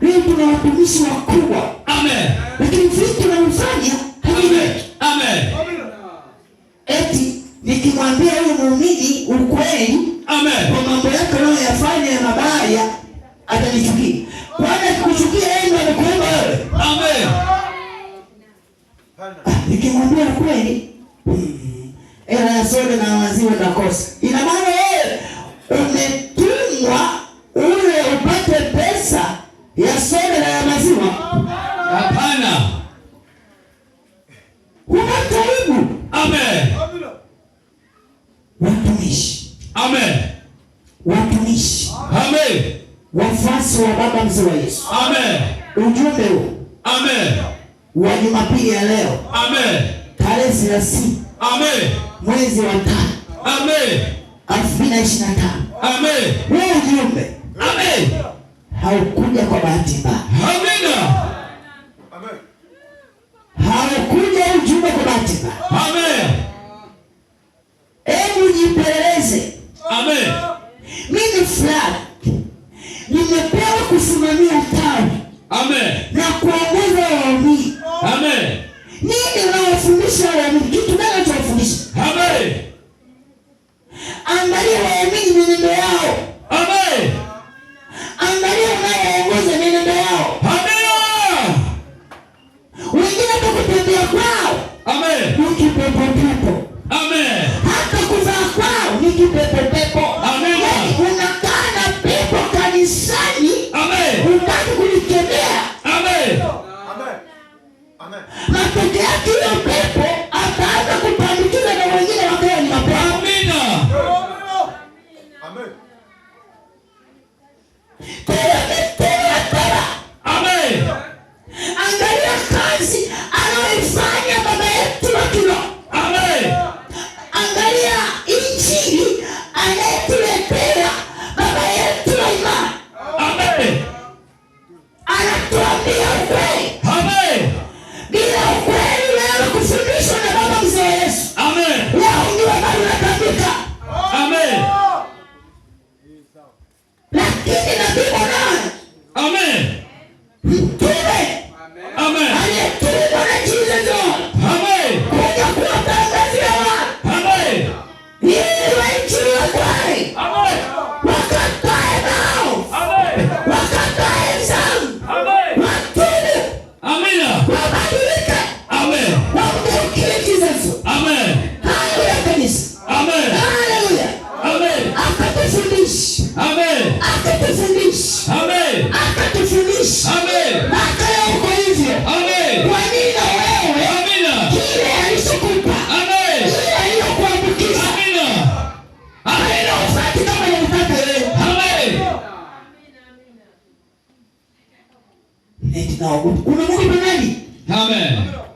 Leo kuna watumishi wakubwa, amen, lakini sisi tunamfanya amen, amen, eti nikimwambia huyu muumini ukweli, amen, kwa mambo yake anayoyafanya ya mabaya atanichukia. Kwani akikuchukia yeye ndiye anakuomba wewe, amen. Nikimwambia ukweli, hmm, hela ya soda na maziwa nakosa ya soda na ya maziwa? Hapana, unakaribu amen, watumishi amen, watumishi amen, wafuasi wa baba mzee wa Yesu amen. Ujumbe huu amen wa Jumapili ya leo amen, tarehe thelathini amen, mwezi wa tano amen, elfu mbili na ishirini amen, huu ujumbe amen haukuja kwa bahati mbaya. Amina. Amen. Haukuja ujumbe kwa bahati mbaya. Amen. Hebu jipeleleze. Amen. Mimi fulani nimepewa kusimamia tawi. Amen. Na kuongoza waumini. Amen. Mimi nawafundisha waumini kitu gani tunafundisha? Amen. Angalia waumini mwenendo yao. Hiki pepepepe Amen.